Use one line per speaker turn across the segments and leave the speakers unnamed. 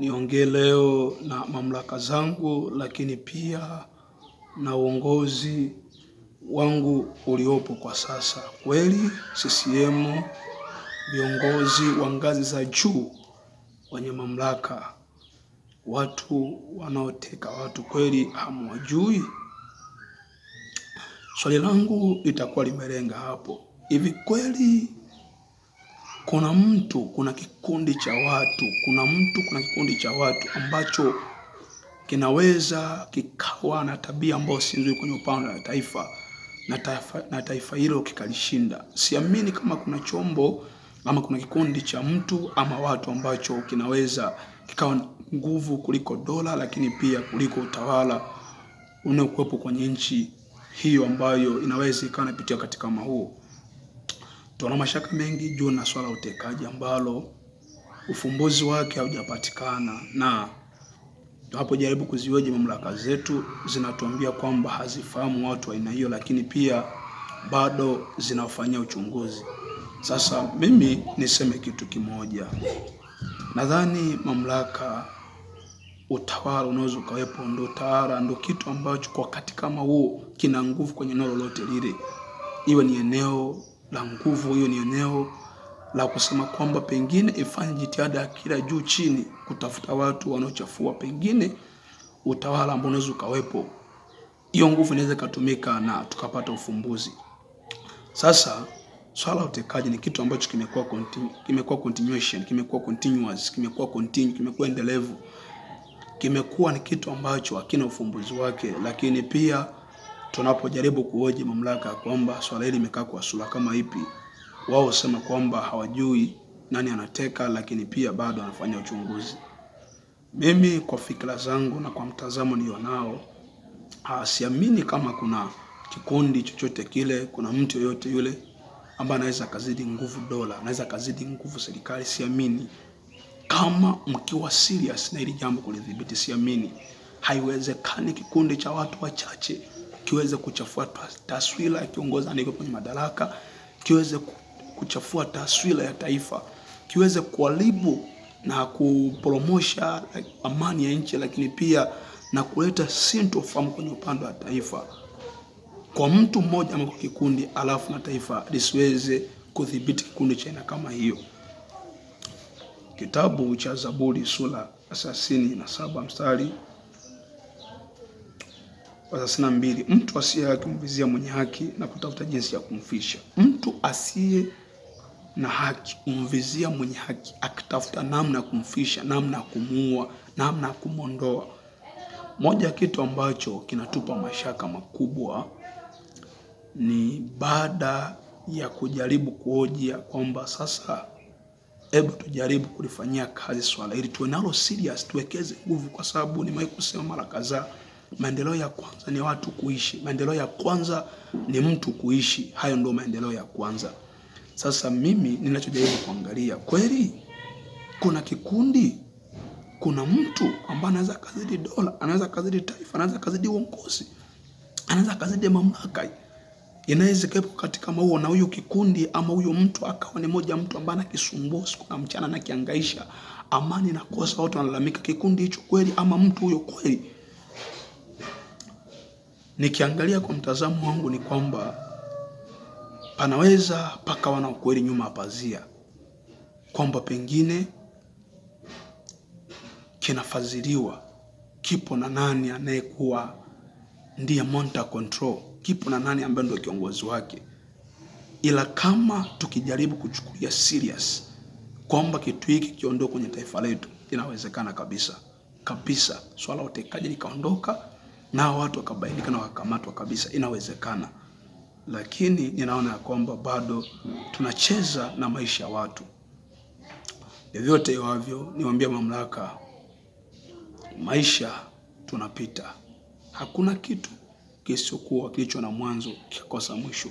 niongee leo na mamlaka zangu, lakini pia na uongozi wangu uliopo kwa sasa. Kweli CCM viongozi wa ngazi za juu wenye mamlaka, watu wanaoteka watu kweli hamwajui? Swali langu litakuwa limelenga hapo. Hivi kweli kuna mtu, kuna kikundi cha watu, kuna mtu, kuna kikundi cha watu ambacho kinaweza kikawa na tabia ambayo si nzuri kwenye upande wa taifa na taifa, na taifa hilo kikalishinda. Siamini kama kuna chombo ama kuna kikundi cha mtu ama watu ambacho kinaweza kikawa nguvu kuliko dola, lakini pia kuliko utawala unaokuwepo kwenye nchi hiyo ambayo inaweza ikawa inapitia katika kama huo. Tuna mashaka mengi juu na swala utekaji ambalo ufumbuzi wake haujapatikana, na tunapojaribu kuziweje mamlaka zetu zinatuambia kwamba hazifahamu watu wa aina hiyo, lakini pia bado zinafanyia uchunguzi. Sasa mimi niseme kitu kimoja, nadhani mamlaka, utawala unaweza ukawepo, ndo utawala ndo kitu ambacho kwa wakati kama huo kina nguvu kwenye eneo lolote lile, iwe ni eneo la nguvu. Hiyo ni eneo la kusema kwamba pengine ifanye jitihada ya kila juu chini kutafuta watu wanaochafua pengine utawala ambao unaweza ukawepo. Hiyo nguvu inaweza ikatumika na tukapata ufumbuzi. Sasa swala utekaji ni kitu ambacho kimekuwa continue, kimekuwa continuation, kimekuwa continuous, kimekuwa continue, kimekuwa endelevu, kimekuwa ni kitu ambacho hakina ufumbuzi wake, lakini pia tunapojaribu kuoji mamlaka ya kwamba swala hili limekaa kwa sura kama ipi, wao husema kwamba hawajui nani anateka, lakini pia bado anafanya uchunguzi. Mimi kwa fikra zangu na kwa mtazamo nilionao, ah, siamini kama kuna kikundi chochote kile, kuna mtu yoyote yule ambaye anaweza kazidi nguvu dola, anaweza kazidi nguvu serikali, siamini. Kama mkiwa serious na hili jambo kulidhibiti, siamini. Haiwezekani kikundi cha watu wachache kiweze kuchafua taswira ya kiongozi anayeko kwenye madaraka, kiweze kuchafua taswira ya taifa, kiweze kuharibu na kupromosha amani ya nchi, lakini pia na kuleta sintofahamu kwenye upande wa taifa kwa mtu mmoja ama kwa kikundi, alafu na taifa lisiweze kudhibiti kikundi cha aina kama hiyo. Kitabu cha Zaburi sura ya thelathini na saba mstari wa thelathini na mbili, mtu asiye akimvizia mwenye haki na kutafuta jinsi ya kumfisha. Mtu asiye na haki umvizia mwenye haki akitafuta namna ya kumfisha, namna ya kumuua, namna ya kumwondoa. Moja ya kitu ambacho kinatupa mashaka makubwa ni baada ya kujaribu kuojia kwamba sasa hebu tujaribu kulifanyia kazi swala ili tuwe nalo serious, tuwekeze nguvu, kwa sababu nimewahi kusema mara kadhaa Maendeleo ya kwanza ni watu kuishi, maendeleo ya kwanza ni mtu kuishi. Hayo ndio maendeleo ya kwanza. Sasa mimi ninachojaribu kuangalia, kweli kuna kikundi, kuna mtu ambaye anaweza kazidi dola, anaweza kazidi taifa, anaweza kazidi uongozi, anaweza kazidi mamlaka inaweza kepo katika kama na huyo kikundi ama huyo mtu akawa ni moja mtu ambaye anakisumbua siku na mchana na kiangaisha amani na kosa, watu wanalalamika kikundi hicho kweli ama mtu huyo kweli nikiangalia kwa mtazamo wangu ni kwamba panaweza pakawa na ukweli nyuma ya pazia, kwamba pengine kinafadhiliwa, kipo na nani anayekuwa ndiye monta control, kipo na nani ambaye ndio kiongozi wake. Ila kama tukijaribu kuchukulia serious kwamba kitu hiki kiondoke kwenye taifa letu, inawezekana kabisa kabisa swala utekaji likaondoka na watu wakabainika na wakakamatwa kabisa, inawezekana. Lakini ninaona ya kwamba bado tunacheza na maisha ya watu. Vyovyote iwavyo, niwaambie mamlaka, maisha tunapita. Hakuna kitu kisichokuwa kilicho na mwanzo kikosa mwisho.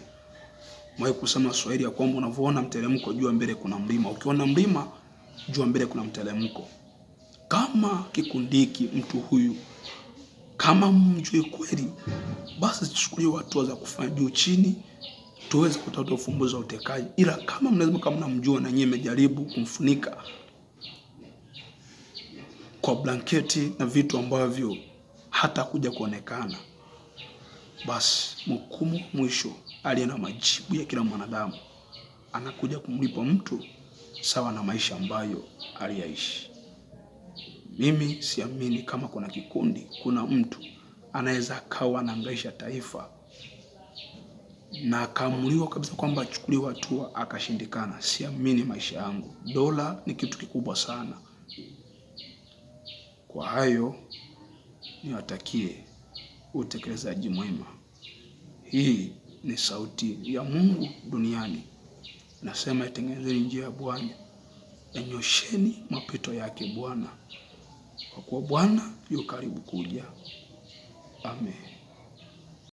Mwahi kusema Swahili ya kwamba unavyoona mteremko, jua mbele kuna mlima. Ukiona mlima, jua mbele kuna mteremko. Kama kikundiki mtu huyu kama mjui kweli, basi tuchukulie hatua za kufanya juu chini, tuweze kutafuta ufumbuzi wa utekaji. Ila kama mnaweza kama mnamjua na nyie mmejaribu kumfunika kwa blanketi na vitu ambavyo hata kuja kuonekana, basi mhukumu mwisho aliye na majibu ya kila mwanadamu anakuja kumlipa mtu sawa na maisha ambayo aliyaishi. Mimi siamini kama kuna kikundi, kuna mtu anaweza akawa anaangaisha taifa na akaamuliwa kabisa kwamba achukuliwe hatua akashindikana. Siamini maisha yangu, dola ni kitu kikubwa sana. Kwa hayo niwatakie utekelezaji mwema. Hii ni sauti ya Mungu duniani, nasema itengenezeni njia ya Bwana, yanyosheni mapito yake Bwana kwa kuwa Bwana yu karibu kuja. Amen.